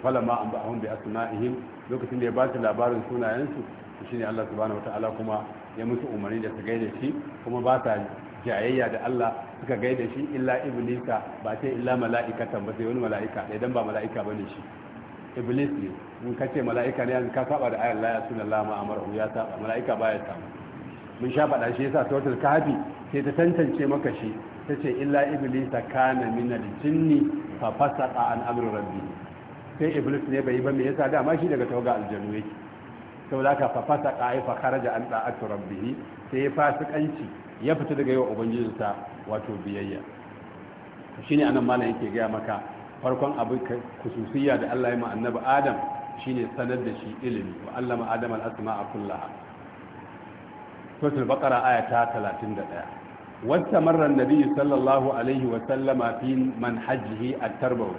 to ma an ba hun da asma'ihim lokacin da ya ba su labarin sunayensu to ne Allah subhanahu wataala kuma ya musu umarni da su gaida shi kuma ba sa jayayya da Allah suka gaida shi illa iblisa ba sai illa mala'ikatan ba sai wani mala'ika dan ba mala'ika bane shi iblis ne in ka ce mala'ika ne ka saba da ayar suna lama a mara'u ya saba mala'ika baya saba mun sha faɗa shi yasa ka kafi sai ta tantance maka shi ta ce illa iblis kana min al-jinni fa fasaqa an amri rabbi sai iblis ne bai ba me yasa dama shi daga tawaga aljannu yake da ka fa a fa kharaja an ɗa'atu rabbi sai ya fasikanci ya fita daga yawa ubangijinsa wato biyayya shine anan malam yake gaya maka farkon abin kususiyya da Allah ya ma annabi Adam shine sanar da shi ilimi wa allama Adam al-asma'a kullaha suratul baqara aya ta 31 wata marar nabi sallallahu alaihi wa sallama fi manhajihi at-tarbawi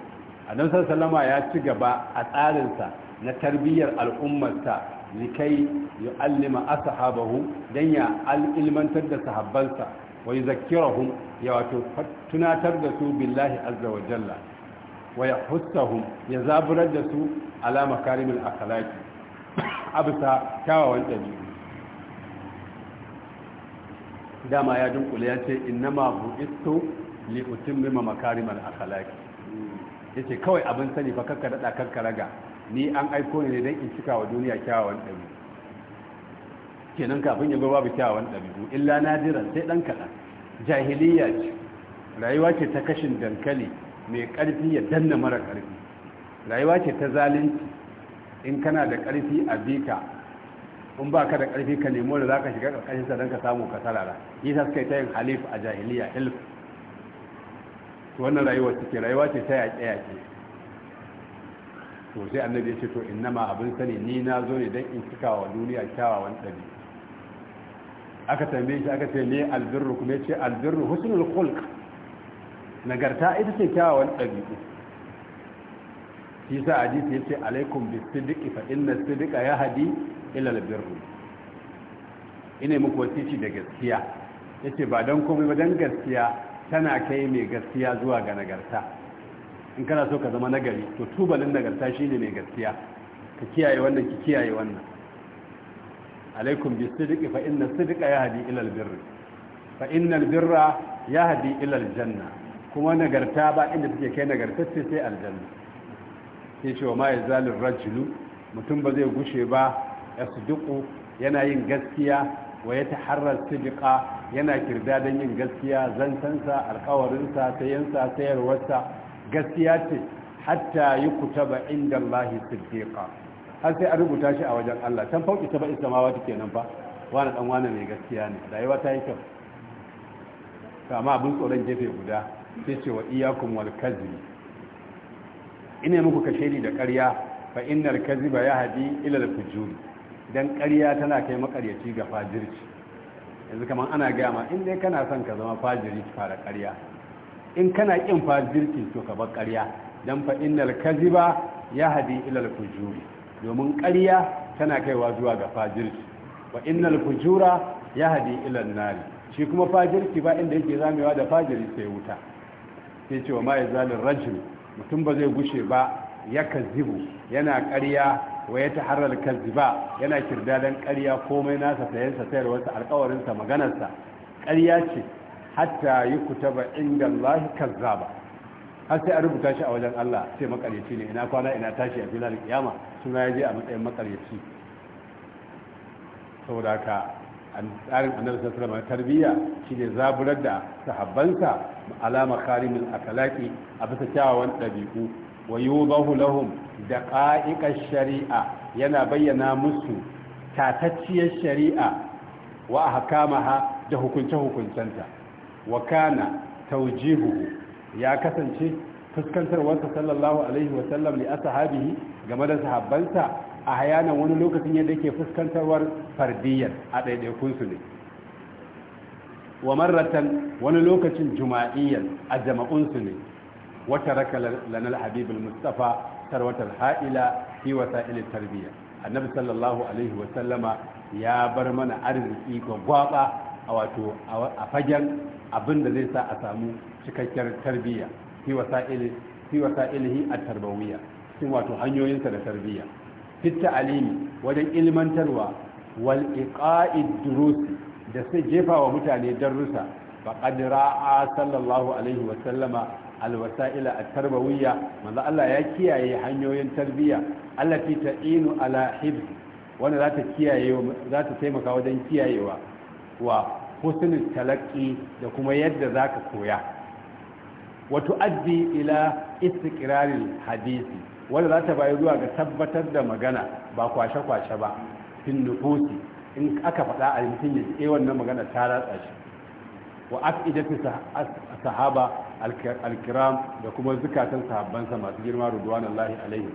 annabi sallallahu ya ci gaba a tsarinsa na tarbiyyar al'ummarsa likai yu'allima ashabahu dan ya al'ilmantar da sahabbansa wa yuzakkirahum ya wato tunatar da su billahi azza wa jalla wa ya ya zaburar da su alama karimin akalaki abisa kyawawan ɗabi'u dama ya dunkule ya ce innama bu'istu li utammima Akalaki? akhlaqi yace kawai abin sani fa kakka dada kakka raga ni an aiko ne dan in cika wa duniya kyawawan dabi kenan kafin ya ga babu kyawawan dabi'u illa nadiran sai dan kaɗan. jahiliya ce rayuwa ce ta kashin dankali mai ƙarfi ya danna mara ƙarfi rayuwa ce ta zalunci in kana da ƙarfi a bika in ba ka da ƙarfi ka nemo da za ka shiga ƙarƙashin sa don ka samu ka sarara yi ta suka yi ta yin halif a jahiliya hilf to wannan rayuwa suke rayuwa ce ta yaƙe-yaƙe to sai annabi ya ce to inna ma abin sani ni na zo ne don in cika wa duniya kyawawan ɗabi aka tambaye shi aka ce ne albirru kuma ya ce albirru husnul khulq nagarta ita ce kyawawan ɗabi'u shi sa hadisi ya ce alaikum bi sidiki fa inna sidika ya hadi ila albirru ina muku wasici da gaskiya yace ba dan komai ba dan gaskiya tana kai mai gaskiya zuwa ga nagarta in kana so ka zama nagari to tubalin nagarta shine mai gaskiya ka kiyaye wannan ki kiyaye wannan alaikum bi sidiki fa inna sidika ya hadi ila albirru fa inna albirra ya hadi ila aljanna kuma nagarta ba inda take kai nagarta sai aljanna sai cewa wa ma yazalur rajulu mutum ba zai gushe ba yasduqu yana yin gaskiya wa ya taharrar sidqa yana kirda dan yin gaskiya zantansa alkawarinsa sayansa sayarwarsa gaskiya ce hatta yukutaba inda Allah siddiqa har sai a rubuta shi a wajen Allah can fauki ta ba isamawa take nan ba wani dan wani mai gaskiya ne rayuwa ta yi kyau amma abin tsoron gefe guda sai ce wa iyakun wal ina muku da ƙarya fa kazi ba ya haɗi ilar fujuri don ƙarya tana kai makaryaci ga fajirci yanzu kaman ana gaya ma in kana son ka zama fajiri fara ƙarya in kana kin fajirci to ka bar ƙarya dan fa kazi ba ya haɗi ilar fujuri domin karya tana kaiwa zuwa ga fajirci wa kujura fujura ya haɗi ilar nari shi kuma fajirci ba inda yake zamewa da fajiri sai wuta sai cewa ma yazalin rajul mutum ba zai gushe ba ya kazibu yana ƙarya wa ya taharrar kaziba yana kirdadan ƙarya komai nasa sayansa sayarwarsa alƙawarinsa maganarsa ƙarya ce hatta yi kutaba inda Allah kazzaba har sai a rubuta shi a wajen Allah sai makaryaci ne ina kwana ina tashi a filar kiyama suna ya je a matsayin makaryaci saboda ka tsarin annabi sallallahu alaihi tarbiyya shine zaburar da sahabbansa alama karimul akalaki a bisa kyawawan dabi'u wa yubahu lahum shari'a yana bayyana musu tatacciyar shari'a wa ahkamaha da hukunce hukuncenta wa kana tawjihuhu ya kasance fuskantar wasa sallallahu alaihi wa sallam li ashabihi game da sahabbansa a hayanan wani lokacin yadda ke fuskantarwar fardiyyar a ɗaiɗaikunsu ne wa marratan wani lokacin juma'iyyar a jama'unsu ne wata raka lanar habibul mustafa tarwatar ha'ila fi wasa ilin tarbiyya annabi sallallahu alaihi wasallama ya bar mana arziki gwagwaba a wato a fagen abin da zai sa a samu cikakkiyar tarbiyya fi wasa ilihi a tarbawiyya cikin wato hanyoyinsa da tarbiyya Fitta ta'alimi wajen ilmantarwa wal iqa'id da sai jefa wa mutane darussa Baƙadira'a, ra'a sallallahu alaihi wa sallama alwasa'ila at-tarbawiyya manzo Allah ya kiyaye hanyoyin tarbiyya allati ta'inu ala hibs wanda za ta kiyaye za ta taimaka wajen kiyayewa wa husnul talaqqi da kuma yadda zaka koya wa tu'addi ila istiqraril hadisi wanda za ta bayi zuwa ga tabbatar da magana ba kwashe-kwashe ba fin nufusi in aka faɗa a mutum ya ce eh, wannan magana ta ratsa shi wa afidatu sahaba alkiram da kuma zukatan sahabbansa masu girma rudwanullahi alaihi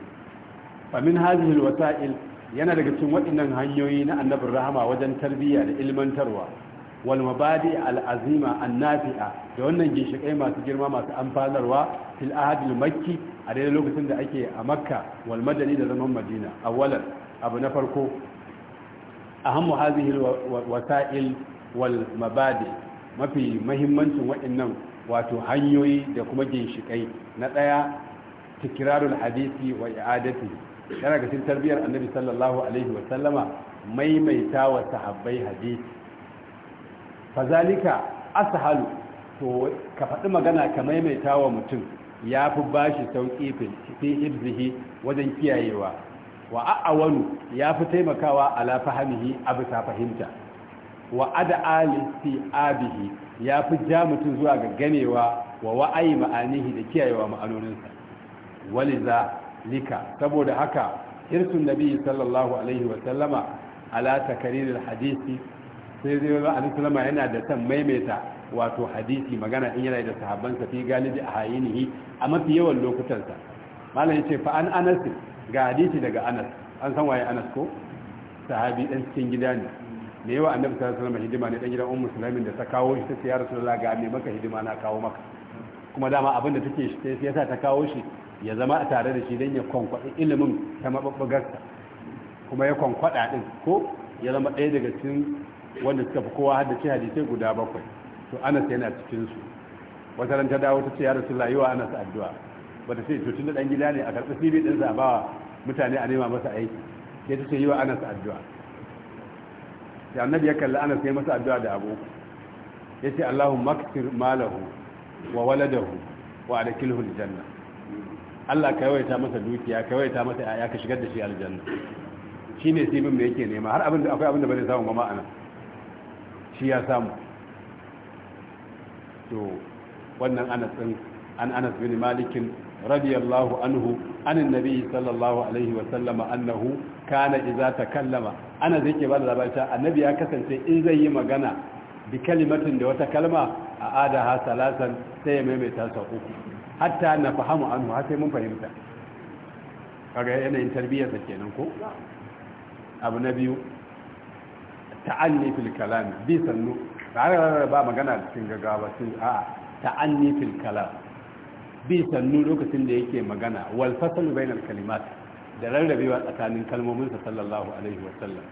fa min hadhihi alwasa'il yana daga cikin waɗannan hanyoyi na annabin rahama wajen tarbiyya da ilmantarwa wal mabadi al azima an nafi'a da wannan ginshiƙai masu girma masu amfanarwa fil ahadil makki a daidai lokacin da ake a makka wal madani da zaman madina walar abu na farko hannu hazihi wasa'il wal mabadi mafi mahimmancin waɗannan wato hanyoyi da kuma ginshikai na ɗaya tikirarul hadisi wa i'adati yana ga tarbiyar annabi sallallahu alaihi wa sallama maimaita wa sahabbai hadisi fazalika ashalu to ka faɗi magana ka maimaita wa mutum ya fi ba shi sauƙi fi ibzihi wajen kiyayewa wa a'awanu ya fi taimakawa ala fahimhi a bisa fahimta wa Ali fi abihi ya fi ja mutum zuwa ga ganewa wa wa'ayi ma'anihi da kiyayewa ma'anoninsa waliza lika saboda haka irsun nabi sallallahu alaihi wa sallama ala takaririn hadisi sai zai wa alaihi yana da san maimaita wato hadisi magana in yana da sahabbansa fi galibi a hayinihi a mafi yawan lokutansa malam ce fa an anas ga hadisi daga anas an san waye anas ko sahabi dan cikin gida ne Me yawa annabi sallallahu alaihi wasallam hidima ne dan gidan ummu sulaimin da ta kawo shi ta ya rasulullahi ga me maka hidima na kawo maka kuma dama abin da take shi sai yasa ta kawo shi ya zama a tare da shi dan ya kwankwaɗi ilimin ta mababbagarsa kuma ya kwankwaɗa din ko ya zama ɗaya daga cikin wanda suka fi kowa haddace hadisai guda bakwai to anas yana cikin su wata ran ta dawo ta ce ya rasulullah yi wa anas addu'a bata ce to tun da dan gida ne a karɓi cv din sa ba mutane a nema masa aiki sai ta ce yi wa anas addu'a sai annabi ya kalli anas sai masa addu'a da abu ya ce allahumma kasir malahu wa waladahu wa adakilhu aljanna Allah ka yawaita masa dukiya ka yawaita masa ya ka shigar da shi aljanna shine sibin me yake nema har abin da akwai abin da bane samu ma ma'ana shi ya samu to wannan anas din an anas bin malikin radiyallahu anhu anin nabi sallallahu alaihi wa sallama annahu kana idza takallama ana zai ke ba da labarta annabi ya kasance in zai yi magana bi kalimatin da wata kalma a adaha salasan sai ya maimaita sa uku hatta na fahimu anhu har sai mun fahimta kaga yanayin tarbiyyar sa kenan ko abu na biyu ta'anni fil kalam bi sannu tare ba magana cikin gaggawa sun a ta'anni fil kalam bi sannu lokacin da yake magana wal fasl bainal kalimat da rarrabewa tsakanin kalmomin sa sallallahu alaihi wa sallam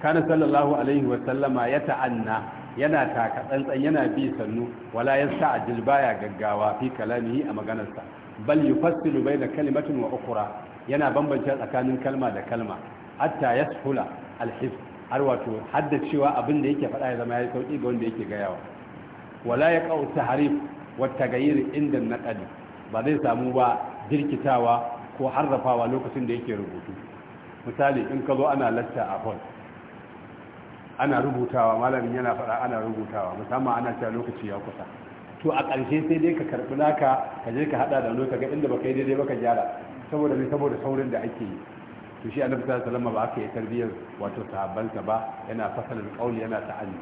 kana sallallahu alaihi wa sallama ya ta'anna yana taka tsantsan yana bi sannu wala yasta'jil baya gaggawa fi kalamihi a maganarsa bal yufassilu baina kalimatin wa ukhra yana bambance tsakanin kalma da kalma hatta yashula al-hifz har wato haddacewa abin da yake faɗa ya zama ya yi sauƙi ga wanda yake gayawa wala ya ƙau taharif wa tagayyir inda naqali ba zai samu ba jirkitawa ko harrafawa lokacin da yake rubutu misali in ka zo ana latta a hall ana rubutawa malamin yana faɗa ana rubutawa musamman ana cewa lokaci ya kusa to a ƙarshe sai dai ka karɓi naka ka je ka haɗa da lokaci inda baka yi daidai baka gyara saboda ne saboda saurin da ake yi to shi annabi sallallahu alaihi wasallam ba aka yi tarbiyyar wato sahabbansa ba yana fasal qauli yana ta'alli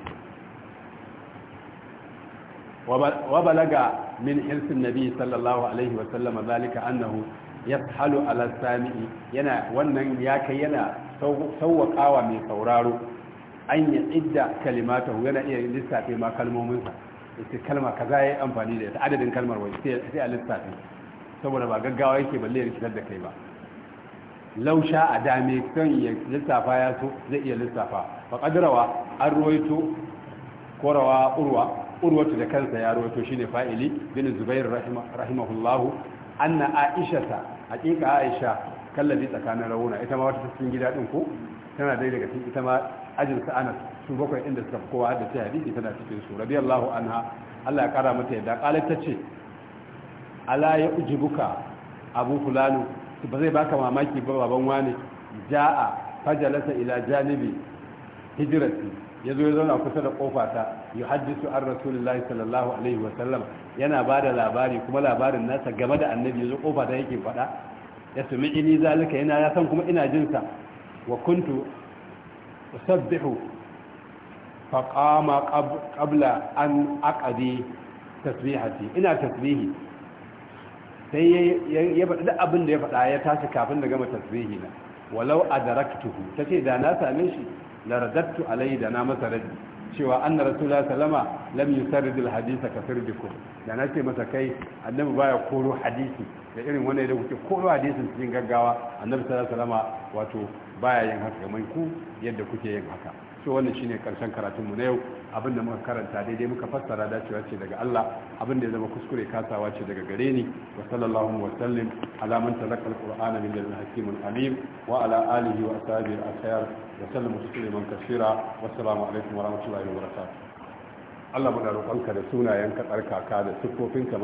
wa balaga min hirsin nabi sallallahu alaihi wasallam zalika annahu yashalu ala sami'i yana wannan ya kai yana sauwaƙawa mai sauraro an ya idda kalimatahu yana iya lissafe ma kalmominsa ita kalma kaza yayi amfani da ita adadin kalmar wai sai a lissafe saboda ba gaggawa yake balle ya rikitar da kai ba lausha a dame kan iya lissafa ya so zai iya lissafa ba kadarawa an ruwaito ko urwa urwatu da kansa ya ruwaito shine fa'ili bin zubair rahimahullahu anna aisha ta hakika aisha kallabi tsakanin rawuna ita ma wata cikin gida din ko tana dai daga cikin ita ma ajin sa anas su bakwai inda suka kowa da ta hadisi tana cikin su radiyallahu anha Allah ya kara mata yadda qalat tace ala ya ujibuka abu fulanu ba zai baka mamaki ba baban wani ja'a fajalasa ila janibi hijrati ya zo ya zauna kusa da kofata ya haddisu an rasulullahi sallallahu alaihi wasallam yana ba da labari kuma labarin nasa game da annabi ya zo ta yake faɗa ya sumi ini zalika yana ya san kuma ina jinsa wa kuntu usabbihu faqama qabla an aqdi tasbihati ina tasbihi sai ya faɗi da abin da ya faɗa ya tashi kafin da gama tasbihi na walau a ta ce da na same shi da radattu alai da na masa raddi cewa anna rasulullah sallama lam yusarrid alhadith ka sirdikum da na ce masa kai annabi baya koro hadisi da irin wannan da kuke koro hadisin cikin gaggawa annabi sallallahu alaihi wasallama wato baya yin haka kamar ku yadda kuke yin haka to wannan shine karshen karatunmu na yau abin da muka karanta daidai muka fassara dacewa ce daga Allah abin da ya zama kuskure kasawa ce daga gare ni wa sallallahu wa sallim ala man talaqa alqur'ana min ladun hakimin alim wa ala alihi wa ashabihi al-akhyar wa sallama tasliman kaseera wa assalamu alaikum wa rahmatullahi wa barakatuh Allah muna roƙonka da sunayen ka tsarkaka da siffofin ka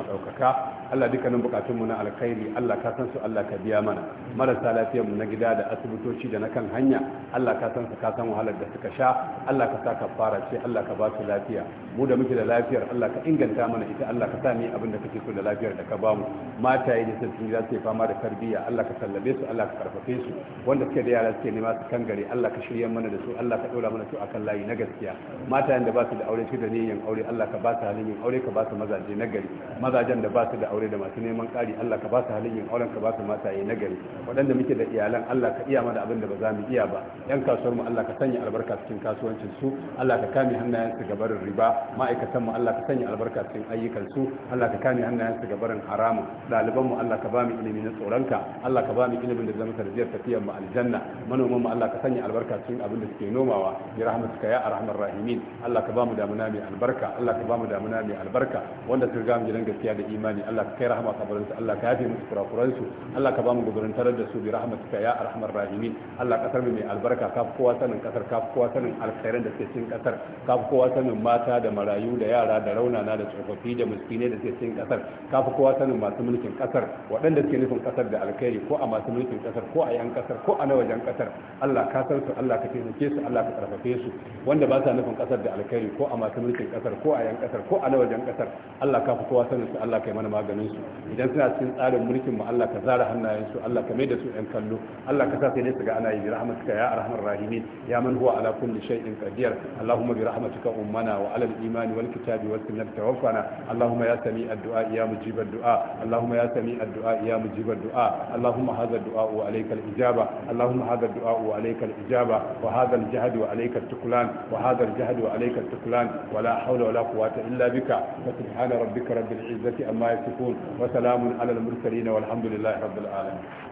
Allah dukkanin bukatun mu na alkhairi Allah ka san su Allah ka biya mana marasa lafiyar mu na gida da asibitoci da na kan hanya Allah ka san su ka san wahalar da suka sha Allah ka sa ka fara ce Allah ka ba su lafiya mu da muke da lafiyar Allah ka inganta mana ita Allah ka sa mu abin da kake so da lafiyar da ka ba mu mataye da sun za su fama da tarbiyya Allah ka sallabe su Allah ka karfafe su wanda suke da yara suke nema su kan gare Allah ka shirya mana da su Allah ka dora mana su akan layi na gaskiya matayen da ba su da aure su da niyyar aure Allah ka ba su halin yin aure ka ba su mazaje na gari mazajen da ba su da aure da masu neman ƙari Allah ka ba su halin yin auren ka ba su mataye na gari waɗanda muke da iyalan Allah ka iya mana abin da ba za mu iya ba yan kasuwar mu Allah ka sanya albarka cikin kasuwancin su Allah ka kame hannayen su gabarin riba ma'aikatan mu Allah ka sanya albarka cikin ayyukan su Allah ka kame hannayen su gabarin harama ɗaliban mu Allah ka ba mu ilimi na tsoronka Allah ka ba mu ilimin da zama tarjiyar tafiyar mu aljanna manoman mu Allah ka sanya albarka cikin abin da suke nomawa bi rahmatuka ya arhamar rahimin Allah ka ba mu damuna mai albarka Allah ka bamu damuna mai albarka wanda suka ga mu gaskiya da imani Allah ka kai rahama kabarin su Allah ka yafe musu kurakuran su Allah ka bamu gubarantar da su bi rahmatika ya arhamar rahimin Allah kasar mu mai albarka ka kowa sanin kasar ka kowa sanin alkhairan da ke cikin kasar ka kowa sanin mata da marayu da yara da raunana da tsofaffi da miskinai da ke cikin kasar ka kowa sanin masu mulkin kasar waɗanda suke nufin kasar da alkhairi ko a masu mulkin kasar ko a yan kasar ko a na wajen kasar Allah ka san su Allah ka taimake su Allah ka karfafe su wanda ba sa nufin kasar da alkhairi ko a masu mulkin kasar ko a yan kasar ko a na wajen kasar Allah ka kowa sanin su Allah ka yi mana maganin su idan suna cikin tsarin mulkin mu Allah ka zara hannayen su Allah ka mai da su yan kallo Allah ka sa sai dai su ga ana yi rahmatuka ya arhamar rahimin ya man huwa ala kulli shay'in qadir Allahumma bi rahmatika ummana wa ala al-iman wal kitabi wal sunnati tawaffana Allahumma ya sami addu'a dua ya mujib ad-du'a Allahumma ya sami addu'a dua ya mujib ad-du'a Allahumma hadha dua wa alayka al-ijaba Allahumma hadha dua wa alayka al-ijaba wa hadha al-jahd wa alayka التكلان وهذا الجهد وعليك التكلان حول ولا قوة إلا بك فسبحان ربك رب العزة أما يصفون وسلام على المرسلين والحمد لله رب العالمين